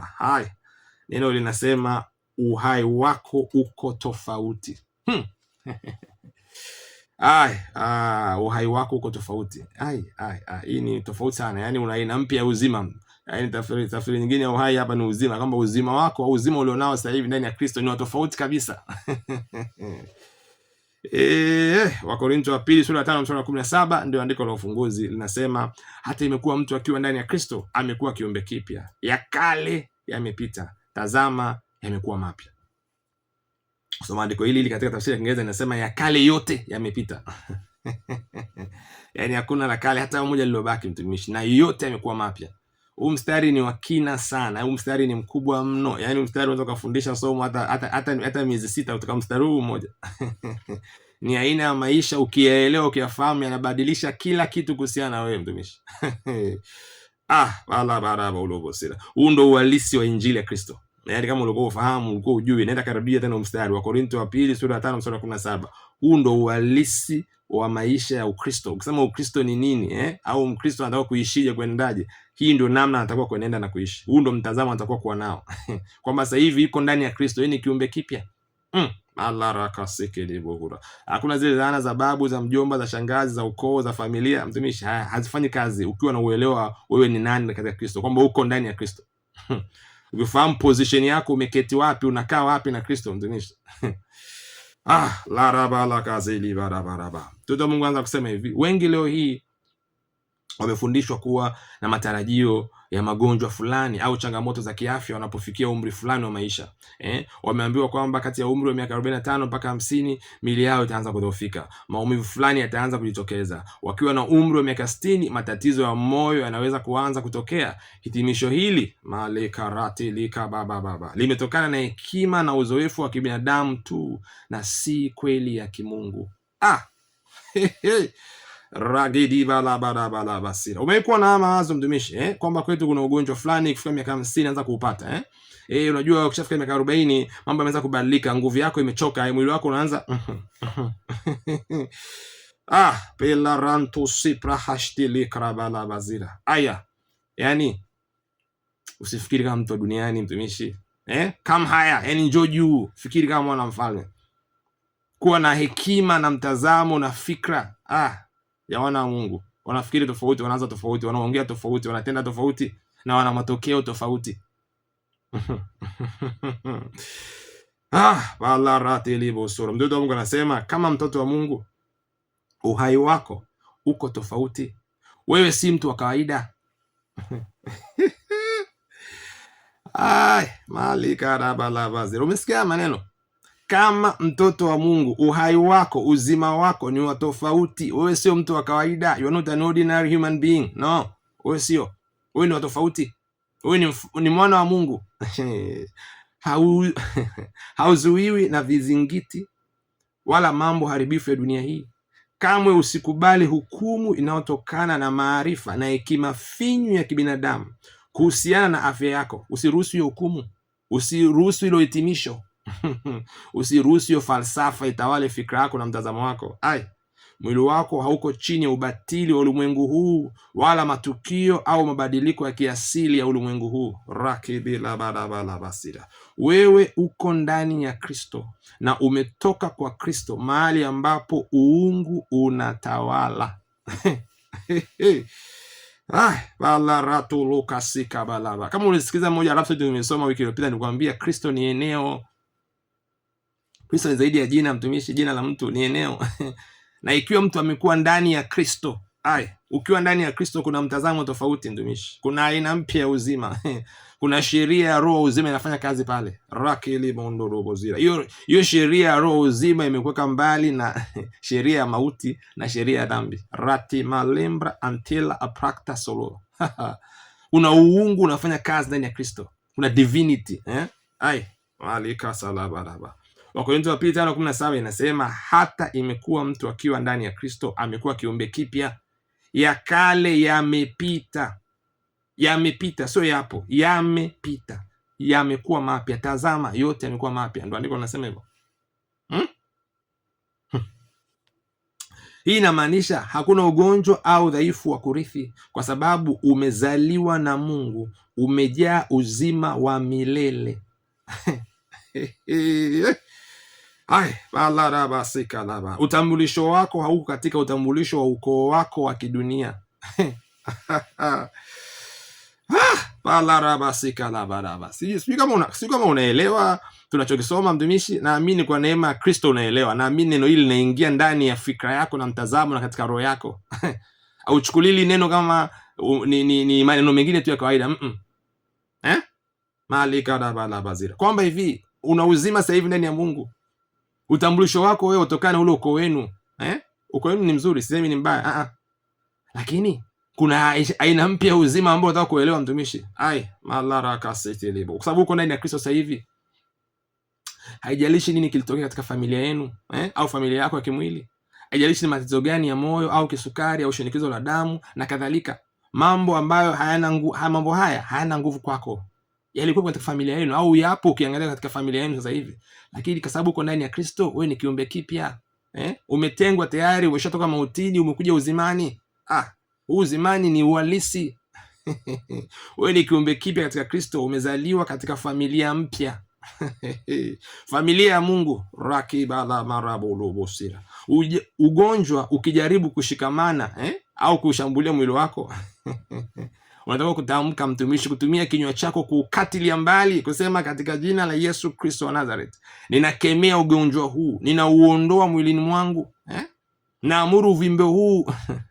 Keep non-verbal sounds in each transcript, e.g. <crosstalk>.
Hai, neno linasema uhai wako uko tofauti hmm. ah, <laughs> uhai wako uko tofauti. hii ni tofauti sana, yaani una aina mpya ya uzima. Yaani tafsiri tafsiri nyingine ya uhai hapa ni uzima, kwamba uzima wako au uzima ulionao sasa hivi ndani ya Kristo ni wa tofauti kabisa <laughs> E, Wakorintho wa pili sura ya tano mstari wa kumi na saba ndio andiko la ufunguzi linasema, hata imekuwa mtu akiwa ndani ya Kristo amekuwa kiumbe kipya, ya kale yamepita, tazama yamekuwa mapya. Kusoma andiko hili hili katika tafsiri ya Kiingereza inasema ya kale yote yamepita <laughs> yaani hakuna la kale hata moja lilobaki, mtumishi, na yote yamekuwa mapya huu mstari ni wakina sana, huu mstari ni mkubwa mno. Yaani mstari unaweza ukafundisha somo hata hata hata, hata miezi sita kutoka mstari huu mmoja <laughs> ni aina ya maisha, ukiyaelewa, ukiyafahamu, yanabadilisha kila kitu kuhusiana na wewe mtumishi. <laughs> Ah, wala baraba ulovosira. Huu ndo uhalisi wa injili ya Kristo. Yaani kama ulikuwa ufahamu, ulikuwa ujui, naenda karibia tena mstari wa Korinto wa pili sura ya 5 mstari wa 17. Huu ndo uhalisi wa maisha ya Ukristo. Ukisema Ukristo ni nini eh? au Mkristo anataka kuishije, kuendaje? Hii ndio namna anatakiwa kuenenda na kuishi. Huu ndio mtazamo anatakiwa kuwa nao <laughs> kwamba sasa hivi iko ndani ya Kristo, yeye ni kiumbe kipya mm. Hakuna zile laana za babu za mjomba za shangazi za ukoo za familia, mtumishi, hazifanyi kazi ukiwa na uelewa wewe ni nani katika Kristo, kwamba uko ndani ya Kristo <laughs> ukifahamu position yako, umeketi wapi, unakaa wapi na Kristo, mtumishi <laughs> Ah, la raba la kazeli barabara. Tuta Mungu anza kusema hivi, wengi leo hii wamefundishwa kuwa na matarajio ya magonjwa fulani au changamoto za kiafya wanapofikia umri fulani wa maisha eh? Wameambiwa kwamba kati ya umri wa miaka arobaini tano mpaka hamsini miili yao itaanza kudhoofika, maumivu fulani yataanza kujitokeza. Wakiwa na umri wa miaka sitini matatizo ya moyo yanaweza kuanza kutokea. Hitimisho hili malekaratelikabababa limetokana na hekima na uzoefu wa kibinadamu tu na si kweli ya kimungu ah! <laughs> ragidivalabalabasira. Umekuwa na mawazo mtumishi eh, kwamba kwetu kuna ugonjwa fulani, kufika miaka hamsini anza kuupata eh? Eh, unajua ukishafika miaka arobaini mambo yameanza kubadilika, nguvu yako imechoka, eh? mwili wako unaanza <laughs> ah pelarantusiprahashtilikrabalabazira aya, yani usifikiri kama mtu wa duniani mtumishi eh? kama haya yani, njoo juu, fikiri kama mwana mfalme, kuwa na hekima na mtazamo na fikra ah ya wana wa Mungu. Wanafikiri tofauti, wanaanza tofauti, wanaongea tofauti, wanatenda tofauti na wana matokeo tofauti. <laughs> Ah, wala rati libo sura. Mtoto wa Mungu anasema kama mtoto wa Mungu uhai wako uko tofauti. Wewe si mtu wa kawaida. <laughs> Ai, malika rabalabazir. Umesikia maneno? kama mtoto wa Mungu, uhai wako, uzima wako ni wa tofauti. Wewe sio mtu wa kawaida, you are not an ordinary human being. No, wewe sio, wewe ni wa tofauti, wewe ni, ni mwana wa Mungu <laughs> <laughs> hauzuiwi na vizingiti wala mambo haribifu ya dunia hii. Kamwe usikubali hukumu inayotokana na maarifa na hekima finyu ya kibinadamu kuhusiana na afya yako. Usiruhusu hiyo hukumu, usiruhusu hilo hitimisho. <laughs> Usiruhusu hiyo falsafa itawale fikra yako na mtazamo wako. Ai, mwili wako hauko chini ya ubatili wa ulimwengu huu wala matukio au mabadiliko ya kiasili ya ulimwengu huu rakibilabalabalabasira. Wewe uko ndani ya Kristo na umetoka kwa Kristo, mahali ambapo uungu unatawala Ah, <laughs> balaratulukasikabalaba kama ulisikiza mmoja rhapsodi wiki iliyopita, nikuambia Kristo ni eneo Kristo ni zaidi ya jina mtumishi, jina la mtu ni eneo <laughs> na ikiwa mtu amekuwa ndani ya Kristo ay, ukiwa ndani ya Kristo kuna mtazamo tofauti mtumishi, kuna aina mpya ya uzima <laughs> kuna sheria ya roho uzima inafanya kazi pale rakilimondorobozira. Hiyo hiyo sheria ya roho uzima imekuweka mbali na <laughs> sheria ya mauti na sheria ya dhambi ratimalembra antela aprakta solo una uungu unafanya kazi ndani ya Kristo, kuna divinity eh? ai malika salabaraba Wakorintho wa pili tano kumi na saba inasema hata imekuwa mtu akiwa ndani ya Kristo amekuwa kiumbe kipya, ya kale yamepita, yamepita, sio yapo, yamepita, yamekuwa mapya, tazama yote yamekuwa mapya. Ndo andiko linasema hivyo hmm? hmm? Hii inamaanisha hakuna ugonjwa au dhaifu wa kurithi, kwa sababu umezaliwa na Mungu, umejaa uzima wa milele <laughs> Ay, balarabasikala. Utambulisho wako hauko katika utambulisho wa ukoo wako wa kidunia. <laughs> Ah, sijui kama una, sijui kama unaelewa tunachokisoma mtumishi. Naamini kwa neema ya Kristo unaelewa. Naamini neno hili linaingia ndani ya fikra yako na mtazamo na katika roho yako <laughs> auchukulii hili neno kama u, ni, ni, ni maneno mengine tu ya kawaida mm -mm. Eh? malikadabalabazira kwamba hivi una uzima sasa hivi ndani ya Mungu utambulisho wako wewe utokana na ule ukoo wenu eh? Ukoo wenu ni mzuri, sisemi ni mbaya ah -ah. Lakini kuna aina mpya uzima ambao unataka kuelewa mtumishi, ai malara kasetelebo, kwa sababu uko ndani ya Kristo sasa hivi. Haijalishi nini kilitokea katika familia yenu eh? au familia yako ya kimwili, haijalishi ni matatizo gani ya moyo au kisukari au shinikizo la damu na kadhalika, mambo ambayo hayana nguvu mambo haya hayana nguvu kwako yalikuwa katika familia yenu au yapo ukiangalia katika familia yenu sasa hivi, lakini kwa sababu uko ndani ya Kristo wewe ni kiumbe kipya eh? Umetengwa tayari, umeshatoka mautini, umekuja uzimani. Ah, huu uzimani ni uhalisi <laughs> wewe ni kiumbe kipya katika Kristo, umezaliwa katika familia mpya <laughs> familia ya Mungu rakibalamarabulubusira. Ugonjwa ukijaribu kushikamana eh? au kushambulia mwili wako <laughs> unataka kutamka mtumishi, kutumia kinywa chako kuukatilia mbali, kusema katika jina la Yesu Kristo wa Nazareth, ninakemea ugonjwa huu, ninauondoa mwilini mwangu eh? Naamuru uvimbe huu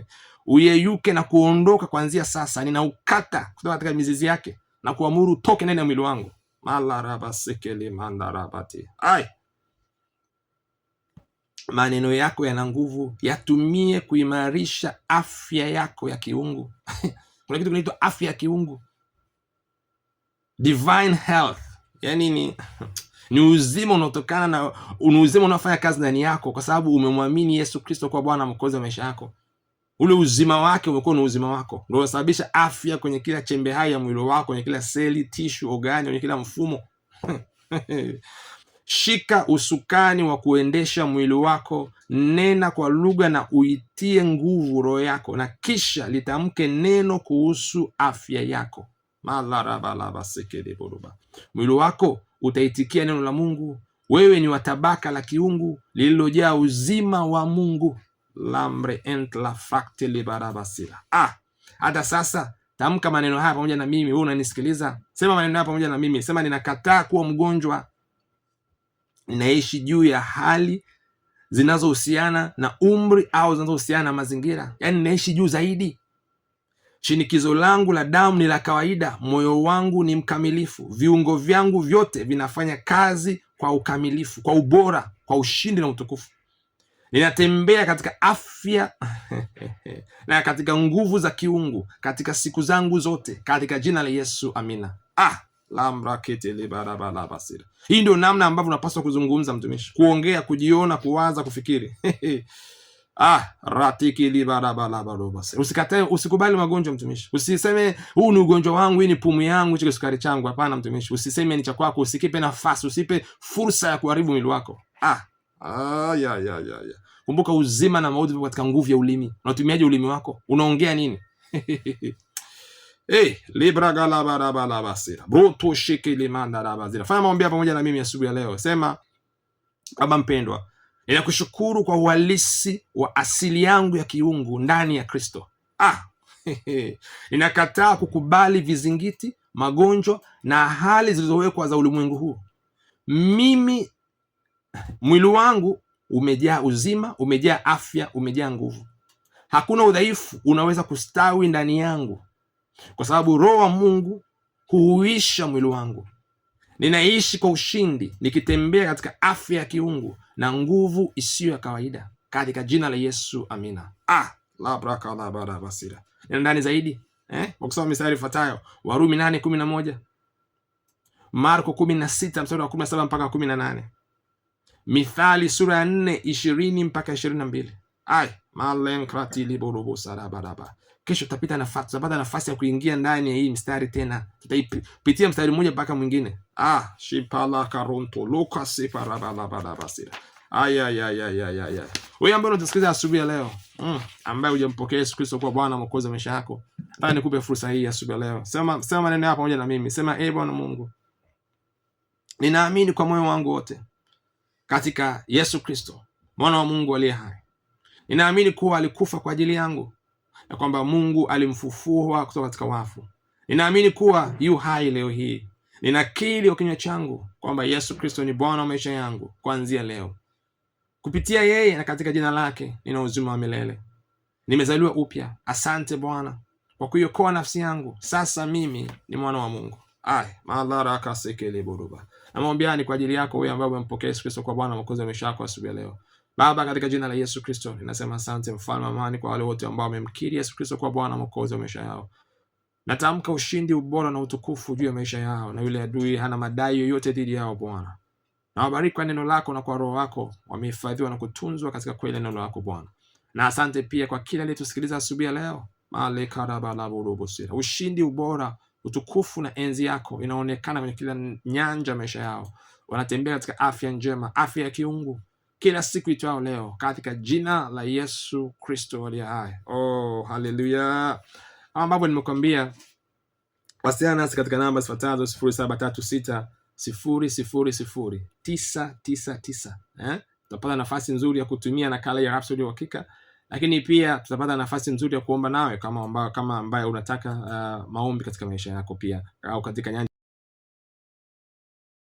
<laughs> uyeyuke na kuondoka kuanzia sasa, ninaukata kutoka katika mizizi yake na kuamuru utoke ndani ya mwili wangu. maneno yako yana nguvu, yatumie kuimarisha afya yako ya kiungu <laughs> kuna kitu kinaitwa afya ya kiungu divine health yani ni ni uzima unaotokana na ni uzima unaofanya kazi ndani yako kwa sababu umemwamini Yesu Kristo kuwa Bwana mkozi wa maisha yako. Ule uzima wake umekuwa ni uzima wako, ndio unasababisha afya kwenye kila chembe hai ya mwili wako, kwenye kila seli, tishu, ogani, kwenye kila mfumo <laughs> Shika usukani wa kuendesha mwili wako, nena kwa lugha na uitie nguvu roho yako, na kisha litamke neno kuhusu afya yako. Mwili wako utaitikia neno la Mungu. Wewe ni wa tabaka la kiungu lililojaa uzima wa Mungu. Ah, hata sasa tamka maneno haya pamoja na mimi. Wewe unanisikiliza, sema maneno haya pamoja na mimi. Sema, ninakataa kuwa mgonjwa inaishi juu ya hali zinazohusiana na umri au zinazohusiana na mazingira, yaani inaishi juu zaidi. Shinikizo langu la damu ni la kawaida, moyo wangu ni mkamilifu, viungo vyangu vyote vinafanya kazi kwa ukamilifu, kwa ubora, kwa ushindi na utukufu. Ninatembea katika afya <laughs> na katika nguvu za kiungu katika siku zangu zote, katika jina la Yesu, amina. Ah, hii ndio namna ambavyo unapaswa kuzungumza, mtumishi, kuongea, kujiona, kuwaza, kufikiri. <laughs> Ah, usikatae, usikubali magonjwa mtumishi. Usiseme huu ni ugonjwa wangu, hii ni pumu yangu, hichi kisukari changu. Hapana mtumishi, usiseme ni cha kwako, usikipe nafasi, usipe fursa ya kuharibu mwili wako. Ah, ah, ya, ya, ya, ya. Kumbuka uzima na mauti katika nguvu ya ulimi. Unatumiaje ulimi wako? Unaongea nini? <laughs> Hey, libragalabarabalabasia bruto shiki limandarabazira. Fanya maombi pamoja na mimi asubuhi ya leo, sema: Baba mpendwa, ninakushukuru kwa uhalisi wa asili yangu ya kiungu ndani ya Kristo. Ah, <laughs> ninakataa kukubali vizingiti, magonjwa na hali zilizowekwa za ulimwengu huu. Mimi mwili wangu umejaa uzima, umejaa afya, umejaa nguvu. Hakuna udhaifu unaweza kustawi ndani yangu kwa sababu Roho wa Mungu huuisha mwili wangu. Ninaishi kwa ushindi nikitembea katika afya ya kiungu na nguvu isiyo ya kawaida katika jina la Yesu, amina. Ah, labrakabarabasira nina ndani zaidi eh, kwa kusoma mistari ifuatayo: Warumi nane kumi na moja Marko kumi na sita mstari wa kumi na saba mpaka kumi na nane Mithali sura ya nne ishirini mpaka ishirini na mbili kesho tutapita nafasi, tutapata nafasi ya kuingia ndani ya hii mstari tena, tutaipitia mstari mmoja mpaka mwingine. Ah, shipala karonto luka sifa rabala bala basira aya ya ya ya ya ya wewe ambaye unatusikiliza asubuhi ya leo mm, ambaye hujampokea Yesu Kristo kwa Bwana mwokozi maisha yako, nataka nikupe fursa hii asubuhi ya leo. Sema sema maneno haya pamoja na mimi, sema e Bwana Mungu, ninaamini kwa moyo wangu wote katika Yesu Kristo mwana wa Mungu aliye hai. Ninaamini kuwa alikufa kwa ajili yangu na kwamba Mungu alimfufua kutoka katika wafu. Ninaamini kuwa yu hai leo hii. Ninakiri kwa kinywa changu kwamba Yesu Kristo ni Bwana wa maisha yangu kuanzia leo. Kupitia yeye na katika jina lake nina uzima wa milele, nimezaliwa upya. Asante Bwana kwa kuiokoa nafsi yangu. Sasa mimi ni mwana wa Mungu. Ai, madhara kasekele boruba. Namwombeani kwa ajili yako wewe ambaye umempokea Yesu Kristo kwa Bwana Mwokozi wa maisha yako asubuhi leo. Baba, katika jina la Yesu Kristo ninasema asante, mfalme amani, kwa wale wote ambao wamemkiri Yesu Kristo kwa Bwana mwokozi wa maisha yao. Natamka ushindi, ubora na utukufu juu ya maisha yao, na yule adui hana madai yoyote dhidi yao. Bwana, nawabariki kwa neno lako na kwa roho wako, wamehifadhiwa na kutunzwa katika kweli neno lako Bwana, na asante pia kwa kila aliyetusikiliza asubuhi ya leo. Ushindi, ubora, utukufu na enzi yako inaonekana kwenye kila nyanja ya maisha yao. Wanatembea katika afya njema, afya ya kiungu kila siku itwao leo katika jina la Yesu Kristo aliye hai. Oh, haleluya! ambavyo nimekuambia wasiliana nasi katika namba zifuatazo sifuri saba tatu sita sifuri sifuri sifuri tisa tisa tisa. Eh? tutapata nafasi nzuri ya kutumia nakala ya Rhapsody Uhakika, lakini pia tutapata nafasi nzuri ya kuomba nawe kama ambaye kama ambaye unataka uh, maombi katika maisha yako pia au katika nyanja